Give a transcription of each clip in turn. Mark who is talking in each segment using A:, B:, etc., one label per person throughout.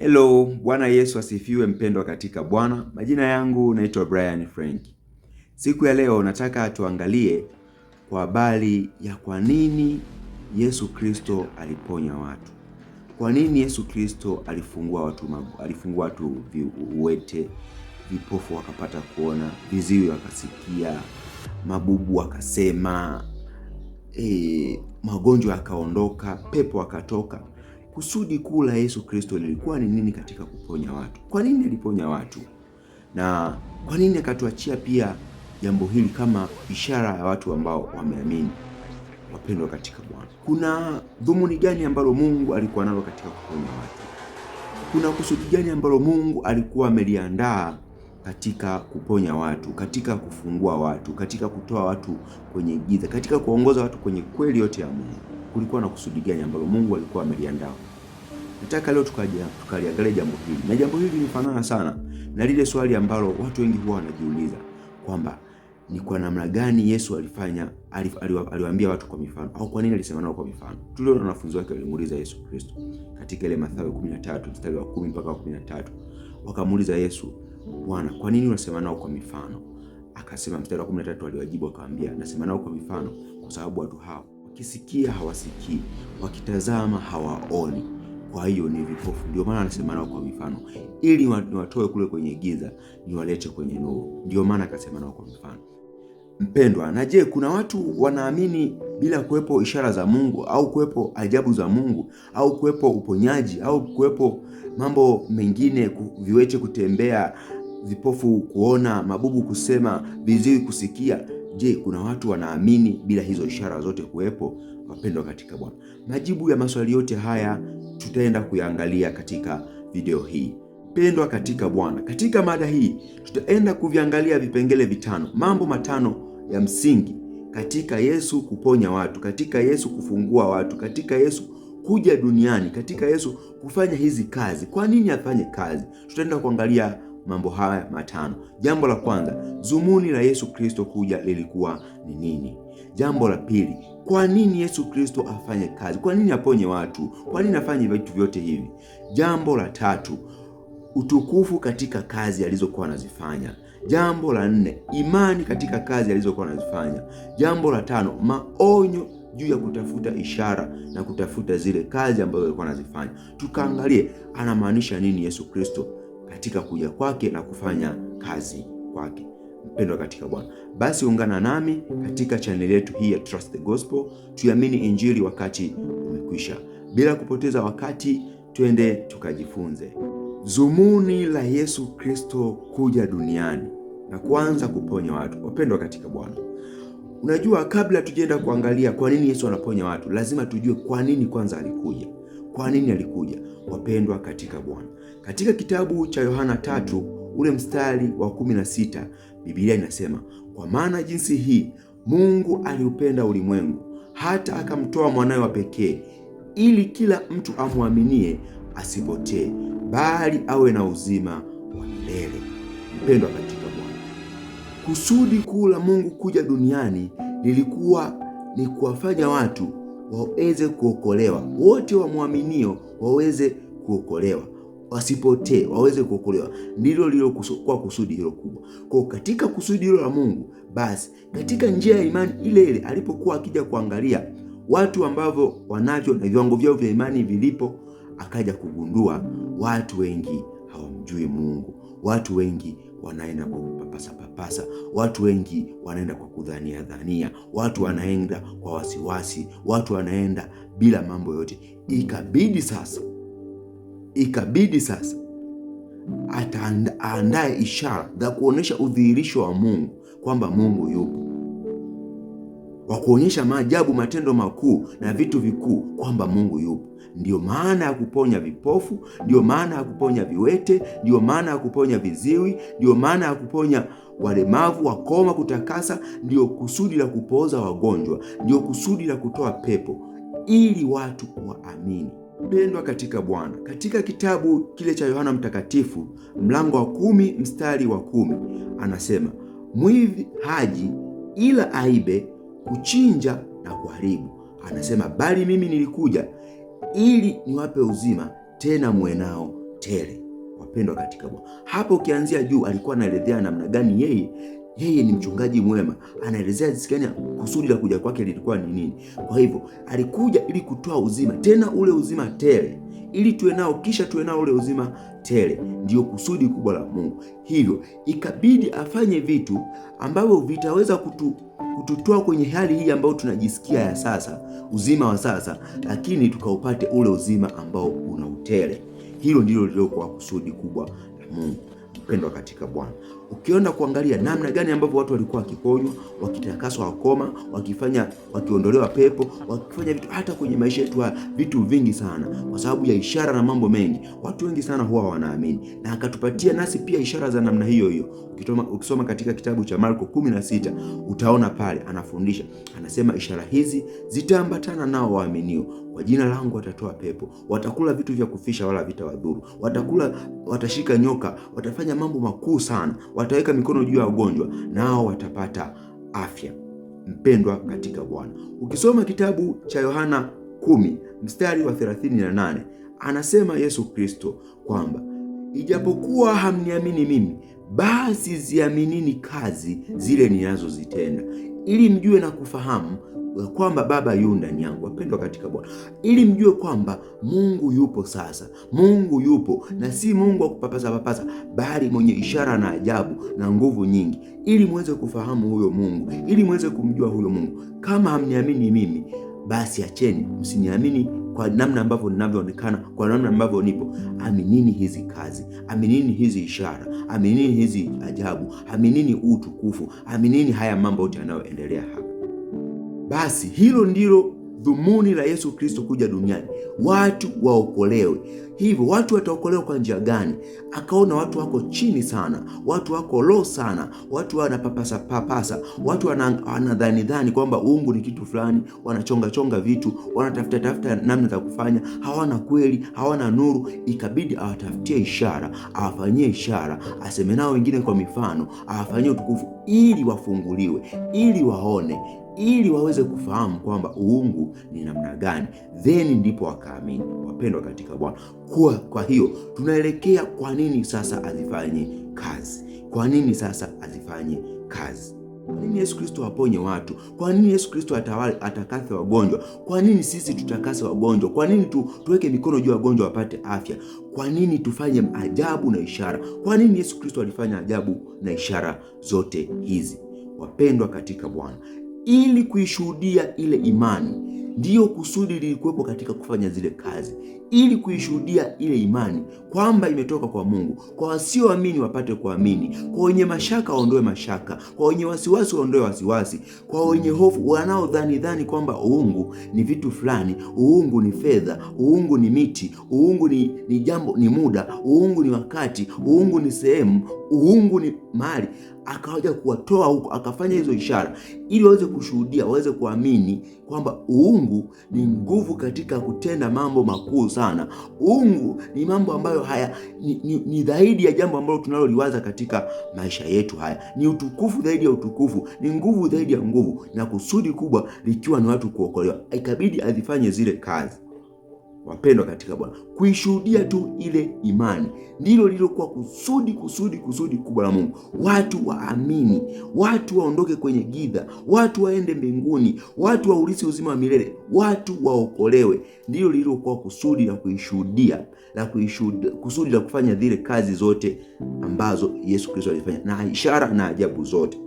A: Hello, Bwana Yesu asifiwe mpendwa katika Bwana. Majina yangu naitwa Brian Frank. Siku ya leo nataka tuangalie kwa habari ya kwa nini Yesu Kristo aliponya watu. Kwa nini Yesu Kristo alifungua watu mabu, alifungua watu viwete, vipofu wakapata kuona, viziwi wakasikia, mabubu wakasema, e, magonjwa yakaondoka, pepo wakatoka kusudi kuu la Yesu Kristo lilikuwa ni nini katika kuponya watu? Kwa nini aliponya watu, na kwa nini akatuachia pia jambo hili kama ishara ya watu ambao wameamini? Wapendwa katika Bwana, kuna dhumuni gani ambalo Mungu alikuwa nalo katika kuponya watu? Kuna kusudi gani ambalo Mungu alikuwa ameliandaa katika kuponya watu, katika kufungua watu, katika kutoa watu kwenye giza, katika kuongoza watu kwenye kweli yote ya Mungu? Kulikuwa na kusudi gani ambalo Mungu alikuwa ameliandaa? Nataka leo tukaliangalia jambo hili, na jambo hili linafanana sana na lile swali ambalo watu wengi huwa wanajiuliza kwamba ni kwa namna gani Yesu alifanya aliwaambia watu kwa mifano, au kwa nini alisema nao kwa mifano? Tuliona wanafunzi wake walimuuliza Yesu Kristo katika ile Mathayo 13 mstari wa 10 mpaka wa 13, wakamuuliza Yesu, Bwana, kwa nini unasema nao kwa mifano? Akasema mstari wa 13 aliwajibu akawaambia, nasema nao kwa mifano kwa sababu watu hao wakisikia hawasikii, wakitazama hawaoni kwa hiyo ni vipofu. Ndio maana anasema nao kwa mifano, ili niwatoe kule kwenye giza niwalete kwenye nuru. Ndio maana akasema nao kwa mifano. Mpendwa, na je, kuna watu wanaamini bila kuwepo ishara za Mungu au kuwepo ajabu za Mungu au kuwepo uponyaji au kuwepo mambo mengine, viwete kutembea, vipofu kuona, mabubu kusema, viziwi kusikia? Je, kuna watu wanaamini bila hizo ishara zote kuwepo? Wapendwa katika Bwana, majibu ya maswali yote haya tutaenda kuyaangalia katika video hii. Pendwa katika Bwana, katika mada hii tutaenda kuviangalia vipengele vitano, mambo matano ya msingi katika Yesu kuponya watu, katika Yesu kufungua watu, katika Yesu kuja duniani, katika Yesu kufanya hizi kazi. Kwa nini afanye kazi? Tutaenda kuangalia mambo haya matano. Jambo la kwanza, zumuni la Yesu Kristo kuja lilikuwa ni nini? Jambo la pili, kwa nini Yesu Kristo afanye kazi? Kwa nini aponye watu? Kwa nini afanye vitu vyote hivi? Jambo la tatu, utukufu katika kazi alizokuwa anazifanya. Jambo la nne, imani katika kazi alizokuwa anazifanya. Jambo la tano, maonyo juu ya kutafuta ishara na kutafuta zile kazi ambazo alikuwa anazifanya. Tukaangalie anamaanisha nini Yesu Kristo katika kuja kwake na kufanya kazi kwake mpendwa katika Bwana, basi ungana nami katika chaneli yetu hii ya Trust the Gospel, tuamini injili wakati umekwisha. Bila kupoteza wakati, twende tukajifunze. Zumuni la Yesu Kristo kuja duniani na kuanza kuponya watu. Wapendwa katika Bwana, unajua kabla tujaenda kuangalia kwa nini Yesu anaponya watu, lazima tujue kwa nini kwanza alikuja. Kwa nini alikuja? Wapendwa katika Bwana, katika kitabu cha Yohana tatu ule mstari wa kumi na sita Biblia inasema, kwa maana jinsi hii Mungu aliupenda ulimwengu hata akamtoa mwanawe wa pekee, ili kila mtu amwaminie asipotee, bali awe na uzima wa milele. Mpendwa katika Bwana, kusudi kuu la Mungu kuja duniani lilikuwa ni kuwafanya watu waweze kuokolewa, wote wamwaminio waweze kuokolewa wasipotee, waweze kuokolewa. Ndilo lilokuwa kusudi hilo kubwa. Kwa katika kusudi hilo la Mungu, basi katika njia ya imani ile ile alipokuwa akija kuangalia watu ambavyo wanavyo na viwango vyao vya imani vilipo, akaja kugundua watu wengi hawamjui Mungu, watu wengi wanaenda kwa kupapasa papasa, watu wengi wanaenda kwa kudhania dhania, watu wanaenda kwa wasiwasi, watu wanaenda bila mambo yote. Ikabidi sasa ikabidi sasa ataandae ishara za kuonyesha udhihirisho wa Mungu kwamba Mungu yupo, wa kuonyesha maajabu, matendo makuu na vitu vikuu kwamba Mungu yupo. Ndiyo maana ya kuponya vipofu, ndiyo maana ya kuponya viwete, ndiyo maana ya kuponya viziwi, ndiyo maana ya kuponya walemavu, wakoma, kutakasa, ndiyo kusudi la kupooza wagonjwa, ndiyo kusudi la kutoa pepo, ili watu waamini. Pendwa katika Bwana, katika kitabu kile cha Yohana Mtakatifu mlango wa kumi mstari wa kumi anasema mwivi haji ila aibe, kuchinja na kuharibu. Anasema bali mimi nilikuja ili niwape uzima, tena muwe nao tele. Wapendwa katika Bwana, hapo ukianzia juu alikuwa anaelezea namna gani yeye yeye ni mchungaji mwema, anaelezea jinsi gani kusudi la kuja kwake lilikuwa ni nini. Kwa hivyo alikuja ili kutoa uzima, tena ule uzima tele, ili tuwe nao, kisha tuwe nao ule uzima tele. Ndiyo kusudi kubwa la Mungu. Hivyo ikabidi afanye vitu ambavyo vitaweza kutu kututoa kwenye hali hii ambayo tunajisikia ya sasa, uzima wa sasa, lakini tukaupate ule uzima ambao una utele. Hilo ndilo liliokuwa kusudi kubwa la Mungu. Mpendwa katika Bwana ukienda kuangalia namna gani ambavyo watu walikuwa wakiponywa, wakitakaswa wakoma, wakifanya wakiondolewa pepo, wakifanya vitu, hata kwenye maisha yetu vitu vingi sana, kwa sababu ya ishara na mambo mengi. Watu wengi sana huwa wanaamini, na akatupatia nasi pia ishara za namna hiyo hiyo. Ukisoma katika kitabu cha Marko 16 utaona pale anafundisha, anasema ishara hizi zitaambatana nao waaminio kwa jina langu watatoa pepo, watakula vitu vya kufisha wala wadhuru, watakula, watashika nyoka, watafanya mambo makuu sana, wataweka mikono juu ya wagonjwa nao watapata afya. Mpendwa katika Bwana, ukisoma kitabu cha Yohana kumi mstari wa 38 anasema Yesu Kristo kwamba ijapokuwa hamniamini mimi, basi ziaminini kazi zile ninazozitenda, ili mjue na kufahamu kwamba Baba yu ndani yangu, wapendwa katika Bwana, ili mjue kwamba Mungu yupo sasa. Mungu yupo na si Mungu wa kupapasa papasa, bali mwenye ishara na ajabu na nguvu nyingi, ili mweze kufahamu huyo Mungu, ili mweze kumjua huyo Mungu. Kama hamniamini mimi, basi acheni, msiniamini kwa namna ambavyo ninavyoonekana, kwa namna ambavyo nipo. Aminini hizi kazi, aminini hizi ishara, aminini hizi ajabu, aminini utukufu, aminini haya mambo yote yanayoendelea hapa. Basi hilo ndilo dhumuni la Yesu Kristo kuja duniani, watu waokolewe. Hivyo watu wataokolewa kwa njia gani? Akaona watu wako chini sana, watu wako low sana, watu wanapapasa papasa, watu wanadhani dhani kwamba uungu ni kitu fulani, wanachonga chonga vitu, wanatafuta tafuta namna za kufanya, hawana kweli, hawana nuru. Ikabidi awatafutie ishara, awafanyie ishara, aseme nao wengine kwa mifano, awafanyie utukufu, ili wafunguliwe, ili waone ili waweze kufahamu kwamba uungu ni namna gani, then ndipo wakaamini. Wapendwa katika Bwana, kwa, kwa hiyo tunaelekea kwa nini sasa azifanye kazi? Kwa nini sasa azifanye kazi? Kwa nini Yesu Kristo aponye watu? Kwa nini Yesu Kristo atawale atakase wagonjwa? Kwa nini sisi tutakase wagonjwa? Kwa nini tu, tuweke mikono juu ya wagonjwa wapate afya? Kwa nini tufanye ajabu na ishara? Kwa nini Yesu Kristo alifanya ajabu na ishara zote hizi? Wapendwa katika Bwana, ili kuishuhudia ile imani. Ndiyo kusudi lilikuwepo katika kufanya zile kazi, ili kuishuhudia ile imani kwamba imetoka kwa Mungu, kwa wasioamini wapate kuamini, kwa wenye mashaka waondoe mashaka, kwa wenye wasiwasi waondoe wasiwasi, kwa wenye hofu, wanaodhani dhani kwamba uungu ni vitu fulani, uungu ni fedha, uungu ni miti, uungu ni, ni jambo ni muda, uungu ni wakati, uungu ni sehemu, uungu ni mali akaja kuwatoa huko, akafanya hizo ishara ili waweze kushuhudia, waweze kuamini kwamba uungu ni nguvu katika kutenda mambo makuu sana. Uungu ni mambo ambayo haya ni, ni, ni zaidi ya jambo ambalo tunaloliwaza katika maisha yetu haya. Ni utukufu zaidi ya utukufu, ni nguvu zaidi ya nguvu, na kusudi kubwa likiwa ni watu kuokolewa. Ikabidi azifanye zile kazi. Wapendwa katika Bwana, kuishuhudia tu ile imani ndilo lilokuwa kusudi kusudi kusudi kubwa la Mungu. Watu waamini, watu waondoke kwenye gidha, watu waende mbinguni, watu waurithi uzima wa milele, watu waokolewe. Ndilo lilokuwa kusudi la kuishuhudia la kuishuhudia, kusudi la kufanya zile kazi zote ambazo Yesu Kristo alifanya na ishara na ajabu zote.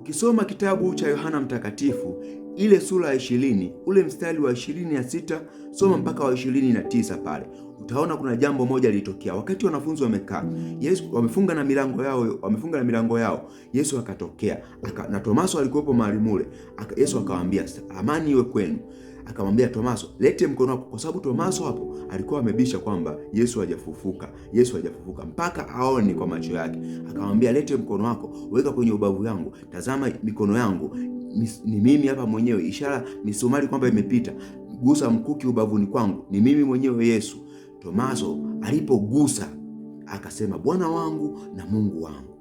A: Ukisoma kitabu cha Yohana Mtakatifu ile sura ya ishirini ule mstari wa ishirini na sita soma mm. mpaka wa ishirini na tisa pale utaona kuna jambo moja lilitokea. Wakati wanafunzi wamekaa, Yesu wamefunga na milango yao, wamefunga na milango yao, Yesu akatokea aka, na Tomaso alikuwepo mahali mule aka, Yesu akamwambia amani iwe kwenu. Akamwambia Tomaso, lete mkono wako, kwa sababu Tomaso hapo alikuwa amebisha kwamba Yesu hajafufuka, Yesu hajafufuka mpaka aone kwa macho yake. Akamwambia, lete mkono wako, weka kwenye ubavu yangu, tazama mikono yangu ni mimi hapa mwenyewe, ishara misumari kwamba imepita. Gusa mkuki ubavuni kwangu, ni mimi mwenyewe Yesu. Tomaso alipogusa akasema, Bwana wangu na Mungu wangu.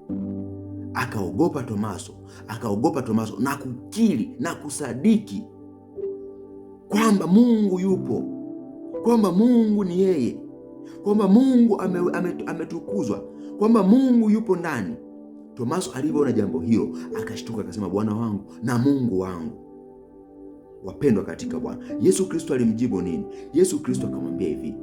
A: Akaogopa Tomaso, akaogopa Tomaso na kukiri na kusadiki kwamba Mungu yupo, kwamba Mungu ni yeye, kwamba Mungu ametukuzwa, kwamba Mungu yupo ndani Tomaso alivyoona jambo hilo akashtuka, akasema, Bwana wangu na Mungu wangu. Wapendwa katika Bwana Yesu Kristo alimjibu nini? Yesu Kristo akamwambia hivi,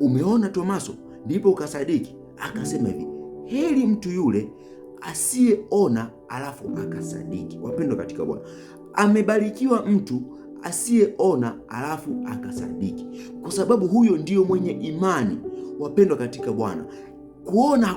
A: umeona Tomaso, ndipo ukasadiki? Akasema hivi, heri mtu yule asiyeona alafu akasadiki. Wapendwa katika Bwana, amebarikiwa mtu asiyeona alafu akasadiki, kwa sababu huyo ndiyo mwenye imani. Wapendwa katika Bwana, kuona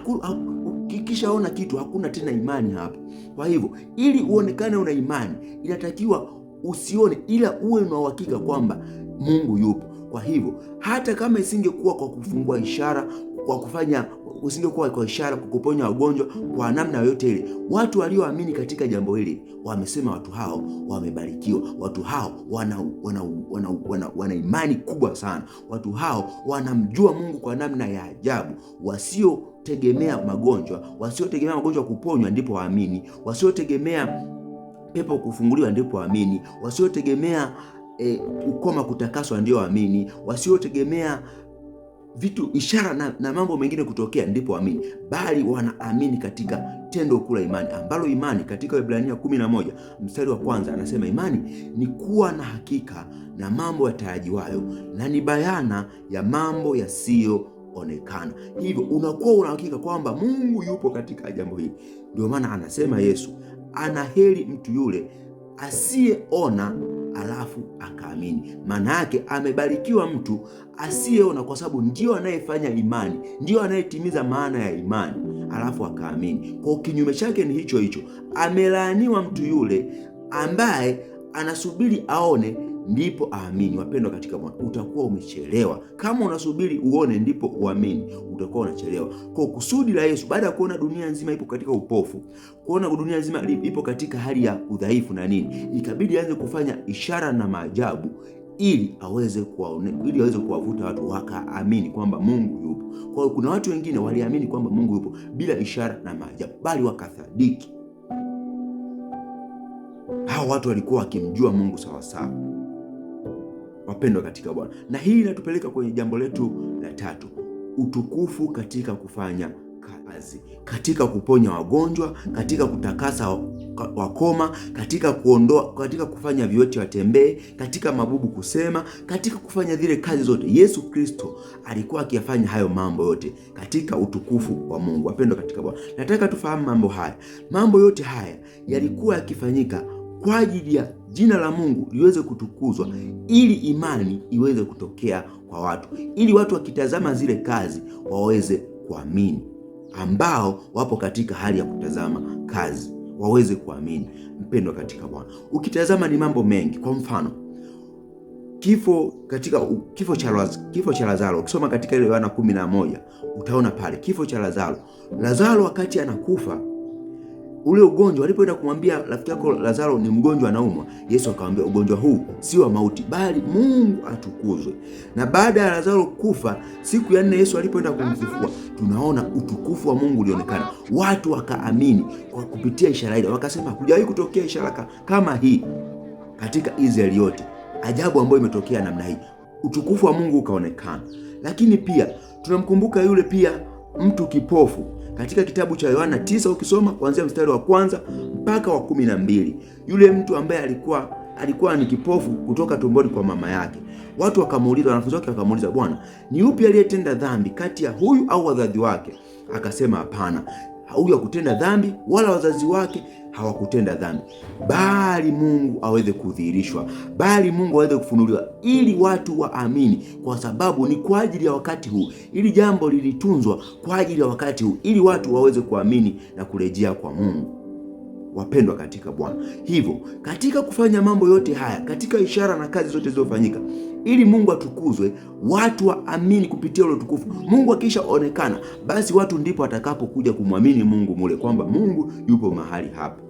A: kikishaona kitu hakuna tena imani hapa. Kwa hivyo ili uonekane una imani, inatakiwa usione, ila uwe na uhakika kwamba Mungu yupo. Kwa hivyo hata kama isingekuwa kwa kufungua ishara kwa kufanya usindo kuwa kwa ishara, kwa kuponya wagonjwa kwa namna yoyote ile. Watu walioamini katika jambo hili wamesema watu hao wamebarikiwa, watu hao wana, wana, wana, wana, wana imani kubwa sana, watu hao wanamjua Mungu kwa namna ya ajabu, wasiotegemea magonjwa, wasiotegemea magonjwa kuponywa ndipo waamini, wasiotegemea pepo kufunguliwa ndipo waamini, wasiotegemea e, ukoma kutakaswa ndio waamini, wasiotegemea vitu ishara na, na mambo mengine kutokea, ndipo waamini, bali wanaamini katika tendo kula imani, ambalo imani katika Waebrania 11 mstari wa kwanza anasema imani ni kuwa na hakika na mambo yatarajiwayo na ni bayana ya mambo yasiyoonekana. Hivyo unakuwa una hakika kwamba Mungu yupo katika jambo hili. Ndio maana anasema Yesu, anaheri mtu yule asiyeona alafu akaamini. Maana yake amebarikiwa mtu asiyeona, kwa sababu ndio anayefanya imani, ndio anayetimiza maana ya imani, alafu akaamini. Kwa kinyume chake ni hicho hicho, amelaaniwa mtu yule ambaye anasubiri aone ndipo aamini. Wapendwa katika Bwana, utakuwa umechelewa. Kama unasubiri uone ndipo uamini, utakuwa unachelewa. Kwa kusudi la Yesu, baada ya kuona dunia nzima ipo katika upofu, kuona dunia nzima ipo katika hali ya udhaifu na nini, ikabidi aanze kufanya ishara na maajabu ili aweze ili aweze kuwavuta watu wakaamini kwamba Mungu yupo. Kwa hiyo kuna watu wengine waliamini kwamba Mungu yupo bila ishara na maajabu, bali wakasadiki. Hao watu walikuwa wakimjua Mungu sawasawa. Wapendwa katika Bwana, na hii inatupeleka kwenye jambo letu la tatu, utukufu katika kufanya kazi katika kuponya wagonjwa, katika kutakasa wakoma, katika kuondoa, katika kufanya viwete watembee, katika mabubu kusema, katika kufanya zile kazi zote. Yesu Kristo alikuwa akiyafanya hayo mambo yote katika utukufu wa Mungu. Wapendwa katika Bwana, nataka tufahamu mambo haya. Mambo yote haya yalikuwa yakifanyika kwa ajili ya jina la Mungu liweze kutukuzwa, ili imani iweze kutokea kwa watu, ili watu wakitazama zile kazi waweze kuamini ambao wapo katika hali ya kutazama kazi waweze kuamini. Mpendwa katika Bwana, ukitazama ni mambo mengi. Kwa mfano kifo katika kifo cha kifo cha Lazaro ukisoma katika ile Yohana 11 na moja utaona pale kifo cha Lazaro. Lazaro wakati anakufa ule ugonjwa, alipoenda kumwambia rafiki yako Lazaro ni mgonjwa anaumwa, Yesu akamwambia ugonjwa huu si wa mauti, bali Mungu atukuzwe. Na baada ya Lazaro kufa, siku ya nne Yesu alipoenda kumfufua, tunaona utukufu wa Mungu ulionekana, watu wakaamini kwa kupitia ishara ile, wakasema hujawahi kutokea ishara kama hii katika Israeli yote, ajabu ambayo imetokea namna hii. Utukufu wa Mungu ukaonekana, lakini pia tunamkumbuka yule pia mtu kipofu katika kitabu cha Yohana tisa ukisoma kuanzia mstari wa kwanza mpaka wa kumi na mbili yule mtu ambaye alikuwa alikuwa ni kipofu kutoka tumboni kwa mama yake. Watu wakamuuliza, wanafunzi wake wakamuuliza, Bwana, ni upi aliyetenda dhambi kati ya huyu au wazazi wake? Akasema, hapana, kutenda dhambi wala wazazi wake hawakutenda dhambi, bali Mungu aweze kudhihirishwa, bali Mungu aweze kufunuliwa, ili watu waamini, kwa sababu ni kwa ajili ya wakati huu. Ili jambo lilitunzwa kwa ajili ya wakati huu, ili watu waweze kuamini na kurejea kwa Mungu. Wapendwa katika Bwana, hivyo katika kufanya mambo yote haya, katika ishara na kazi zote zilizofanyika ili Mungu atukuzwe, watu waamini kupitia ule utukufu. Mungu akisha onekana, basi watu ndipo watakapokuja kumwamini Mungu mule, kwamba Mungu yupo mahali hapa.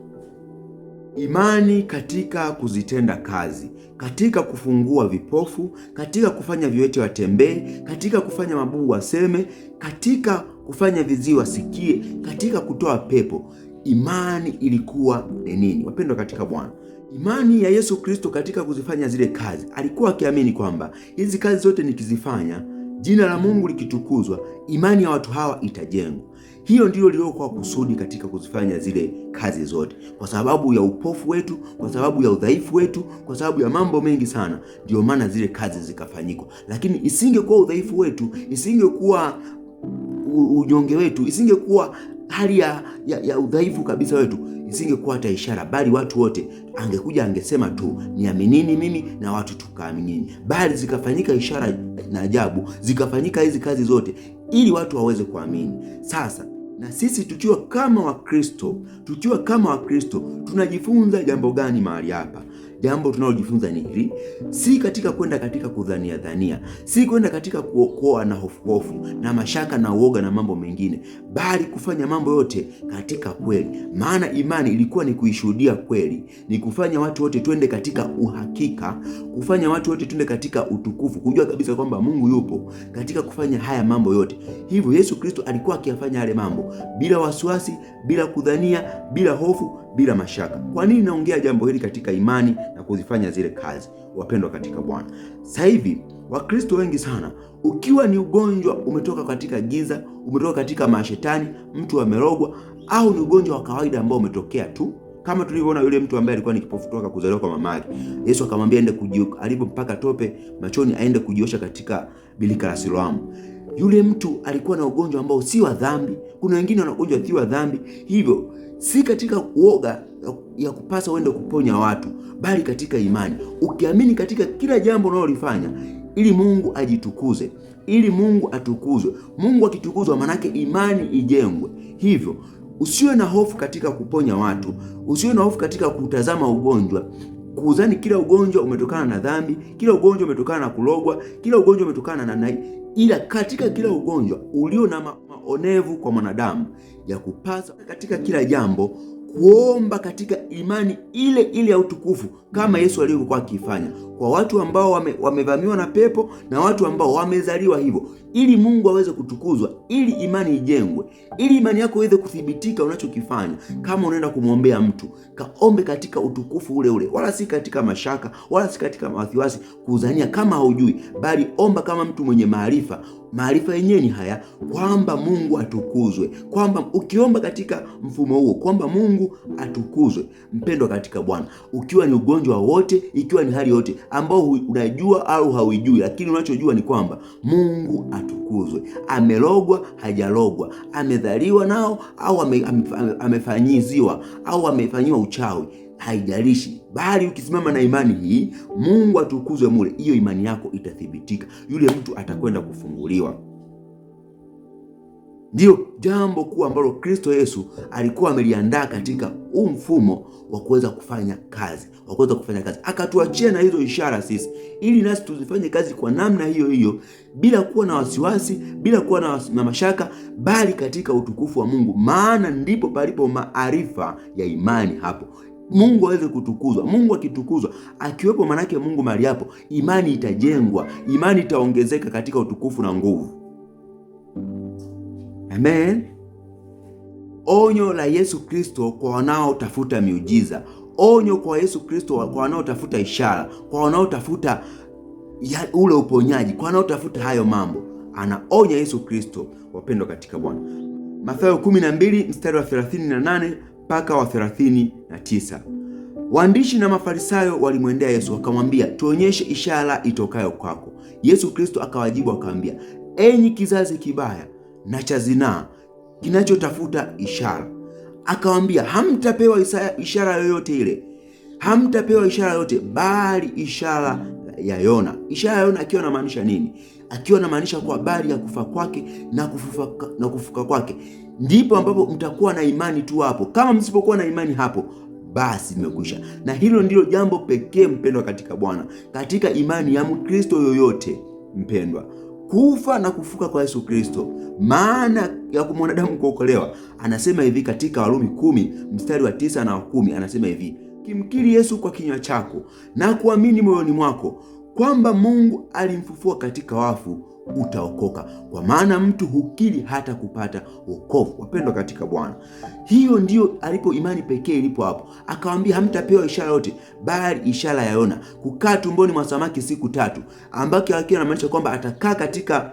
A: Imani katika kuzitenda kazi, katika kufungua vipofu, katika kufanya viwete watembee, katika kufanya mabubu waseme, katika kufanya viziwi wasikie, katika kutoa pepo. Imani ilikuwa ni nini, wapendwa katika Bwana? Imani ya Yesu Kristo katika kuzifanya zile kazi, alikuwa akiamini kwamba hizi kazi zote nikizifanya, jina la Mungu likitukuzwa, imani ya watu hawa itajengwa. Hiyo ndilo lililokuwa kusudi katika kuzifanya zile kazi zote. Kwa sababu ya upofu wetu, kwa sababu ya udhaifu wetu, kwa sababu ya mambo mengi sana, ndiyo maana zile kazi zikafanyikwa Lakini isingekuwa udhaifu wetu, isingekuwa unyonge wetu, isingekuwa hali ya, ya, ya udhaifu kabisa wetu, isingekuwa hata ishara, bali watu wote angekuja angesema tu niaminini mimi na watu tukaaminini, bali zikafanyika ishara na ajabu, zikafanyika hizi kazi zote ili watu waweze kuamini. Sasa na sisi tukiwa kama Wakristo, tukiwa kama Wakristo tunajifunza jambo gani mahali hapa? jambo tunalojifunza ni hili, si katika kwenda katika kudhania dhania, si kwenda katika kuokoa na hofu hofu na mashaka na uoga na mambo mengine, bali kufanya mambo yote katika kweli. Maana imani ilikuwa ni kuishuhudia kweli, ni kufanya watu wote twende katika uhakika, kufanya watu wote twende katika utukufu, kujua kabisa kwamba Mungu yupo katika kufanya haya mambo yote. Hivyo Yesu Kristo alikuwa akiyafanya yale mambo bila wasiwasi, bila kudhania, bila hofu bila mashaka. Kwa nini naongea jambo hili katika imani na kuzifanya zile kazi? Wapendwa katika Bwana, sasa hivi Wakristo wengi sana, ukiwa ni ugonjwa umetoka katika giza, umetoka katika mashetani, mtu amerogwa, au ni ugonjwa wa kawaida ambao umetokea tu kama tulivyoona yule mtu ambaye alikuwa ni kipofu toka kuzaliwa kwa yake, Yesu akamwambia aende kujiaribu mpaka tope machoni, aende kujiosha katika bilika la Siloamu. Yule mtu alikuwa na ugonjwa ambao si wa dhambi. Kuna wengine wana ugonjwa si wa dhambi, hivyo si katika uoga ya kupasa uende kuponya watu, bali katika imani, ukiamini katika kila jambo unalolifanya ili Mungu ajitukuze, ili Mungu atukuzwe. Mungu akitukuzwa, manake imani ijengwe. Hivyo usiwe na hofu katika kuponya watu, usiwe na hofu katika kutazama ugonjwa kuuzani kila ugonjwa umetokana na dhambi, kila ugonjwa umetokana na kulogwa, kila ugonjwa umetokana na nai, ila katika kila ugonjwa ulio na onevu kwa mwanadamu, ya kupaswa katika kila jambo kuomba katika imani ile ile ya utukufu kama Yesu alivyokuwa akifanya kwa watu ambao wame, wamevamiwa na pepo na watu ambao wamezaliwa hivyo, ili Mungu aweze kutukuzwa, ili imani ijengwe, ili imani yako iweze kuthibitika. Unachokifanya kama unaenda kumwombea mtu, kaombe katika utukufu ule ule, wala si katika mashaka, wala si katika wasiwasi, kuzania kama haujui, bali omba kama mtu mwenye maarifa maarifa yenyewe ni haya kwamba Mungu atukuzwe, kwamba ukiomba katika mfumo huo kwamba Mungu atukuzwe. Mpendwa katika Bwana, ukiwa ni ugonjwa wote, ikiwa ni hali yote ambao unajua au hauijui, lakini unachojua ni kwamba Mungu atukuzwe. Amelogwa, hajalogwa, amedhaliwa nao au ame, ame, ame, amefanyiziwa au amefanyiwa uchawi haijalishi, bali ukisimama na imani hii, Mungu atukuzwe mule, hiyo imani yako itathibitika, yule mtu atakwenda kufunguliwa. Ndiyo jambo kuu ambalo Kristo Yesu alikuwa ameliandaa katika huu mfumo wa kuweza kufanya kazi wa kuweza kufanya kazi, akatuachia na hizo ishara sisi, ili nasi tuzifanye kazi kwa namna hiyo hiyo, bila kuwa na wasiwasi, bila kuwa na, na mashaka, bali katika utukufu wa Mungu, maana ndipo palipo maarifa ya imani. Hapo Mungu aweze kutukuzwa. Mungu akitukuzwa, akiwepo, maanake Mungu mahali hapo, imani itajengwa, imani itaongezeka katika utukufu na nguvu. Amen. Onyo la Yesu Kristo kwa wanaotafuta miujiza, onyo kwa Yesu Kristo kwa wanaotafuta ishara, kwa wanaotafuta ule uponyaji, kwa wanaotafuta hayo mambo, anaonya Yesu Kristo. Wapendwa katika Bwana, Mathayo 12 mstari wa 38 mpaka wa 39. Waandishi na Mafarisayo walimwendea Yesu wakamwambia, tuonyeshe ishara itokayo kwako. Yesu Kristo akawajibu akawaambia, enyi kizazi kibaya na cha zinaa kinachotafuta ishara. akawambia hamtapewa ishara yoyote ile, hamtapewa ishara yoyote bali ishara ya Yona. Ishara ya Yona akiwa anamaanisha nini? Akiwa anamaanisha kuwa habari ya kufa kwake na kufuka na kufufuka kwake ndipo ambapo mtakuwa na imani tu hapo. Kama msipokuwa na imani hapo basi imekwisha. Na hilo ndilo jambo pekee mpendwa katika Bwana, katika imani ya Mkristo yoyote mpendwa, kufa na kufuka kwa Yesu Kristo, maana ya mwanadamu kuokolewa. Anasema hivi katika Warumi kumi mstari wa tisa na wa kumi, anasema hivi kimkiri Yesu kwa kinywa chako na kuamini moyoni mwako kwamba Mungu alimfufua katika wafu utaokoka, kwa maana mtu hukiri hata kupata wokovu. Wapendwa katika Bwana, hiyo ndiyo alipo imani pekee ilipo hapo. Akawaambia hamtapewa ishara yote, bali ishara ya Yona kukaa tumboni mwa samaki siku tatu, ambacho akiwa anamaanisha kwamba atakaa katika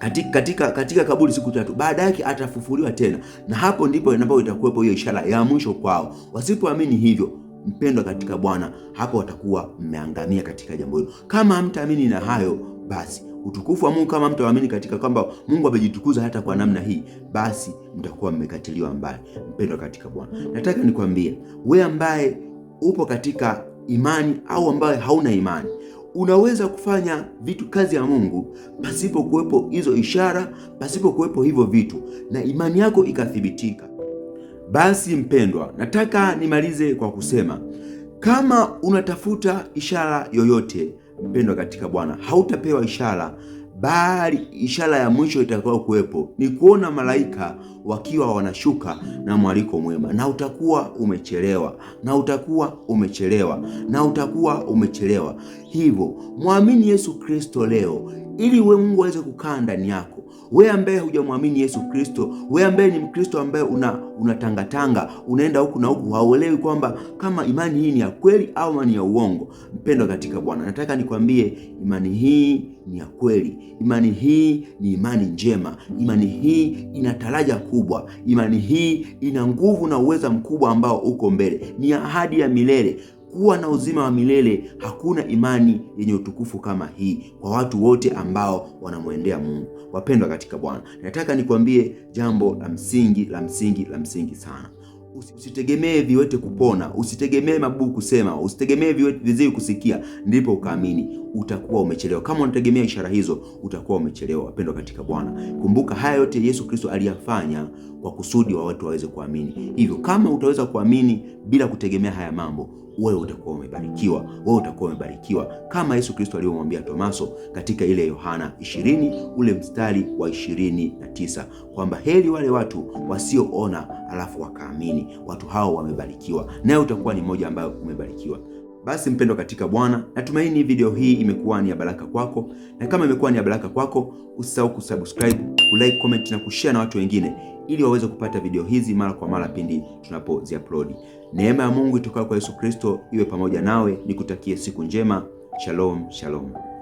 A: katika, katika, katika kaburi siku tatu, baada yake atafufuliwa tena, na hapo ndipo inapo itakuwepo hiyo ishara ya mwisho kwao. Wasipoamini hivyo, mpendwa katika Bwana, hapo watakuwa mmeangamia katika jambo hilo. Kama hamtaamini na hayo, basi utukufu wa Mungu. Kama mtaamini katika kwamba Mungu amejitukuza hata kwa namna hii, basi mtakuwa mmekatiliwa mbali. Mpendwa katika Bwana, nataka nikwambie wewe ambaye upo katika imani au ambaye hauna imani unaweza kufanya vitu kazi ya Mungu pasipo kuwepo hizo ishara, pasipo kuwepo hivyo vitu, na imani yako ikathibitika. Basi mpendwa, nataka nimalize kwa kusema kama unatafuta ishara yoyote mpendwa katika Bwana, hautapewa ishara, bali ishara ya mwisho itakayo kuwepo ni kuona malaika wakiwa wanashuka na mwaliko mwema, na utakuwa umechelewa, na utakuwa umechelewa, na utakuwa umechelewa. Hivyo mwamini Yesu Kristo leo ili we Mungu aweze kukaa ndani yako. We ambaye hujamwamini Yesu Kristo, we ambaye ni Mkristo ambaye una unatangatanga unaenda huku na huku, hauelewi kwamba kama imani hii ni ya kweli au ni ya uongo. Mpendwa katika Bwana, nataka nikwambie imani hii ni ya kweli. Imani hii ni imani njema. Imani hii ina taraja kubwa. Imani hii ina nguvu na uweza mkubwa ambao uko mbele, ni ahadi ya milele kuwa na uzima wa milele. Hakuna imani yenye utukufu kama hii kwa watu wote ambao wanamwendea Mungu. Wapendwa katika Bwana, nataka nikuambie jambo la msingi la msingi la msingi sana. Usitegemee viwete kupona, usitegemee mabubu kusema, usitegemee viziwi kusikia ndipo ukaamini utakuwa umechelewa. Kama unategemea ishara hizo, utakuwa umechelewa. Wapendwa katika Bwana, kumbuka haya yote Yesu Kristo aliyafanya kwa kusudi wa watu waweze kuamini. Hivyo kama utaweza kuamini bila kutegemea haya mambo, wewe utakuwa umebarikiwa, wewe utakuwa umebarikiwa kama Yesu Kristo alivyomwambia Tomaso katika ile Yohana 20 ule mstari wa 29 kwamba heri wale watu wasioona alafu wakaamini. Watu hao wamebarikiwa, naye utakuwa ni mmoja ambayo umebarikiwa. Basi mpendo katika Bwana, natumaini video hii imekuwa ni ya baraka kwako, na kama imekuwa ni ya baraka kwako, usisahau kusubscribe, kulike, comment na kushare na watu wengine, ili waweze kupata video hizi mara kwa mara pindi upload. Neema ya Mungu itokayo kwa Yesu Kristo iwe pamoja nawe. Nikutakie siku njema. Shalom, shalom.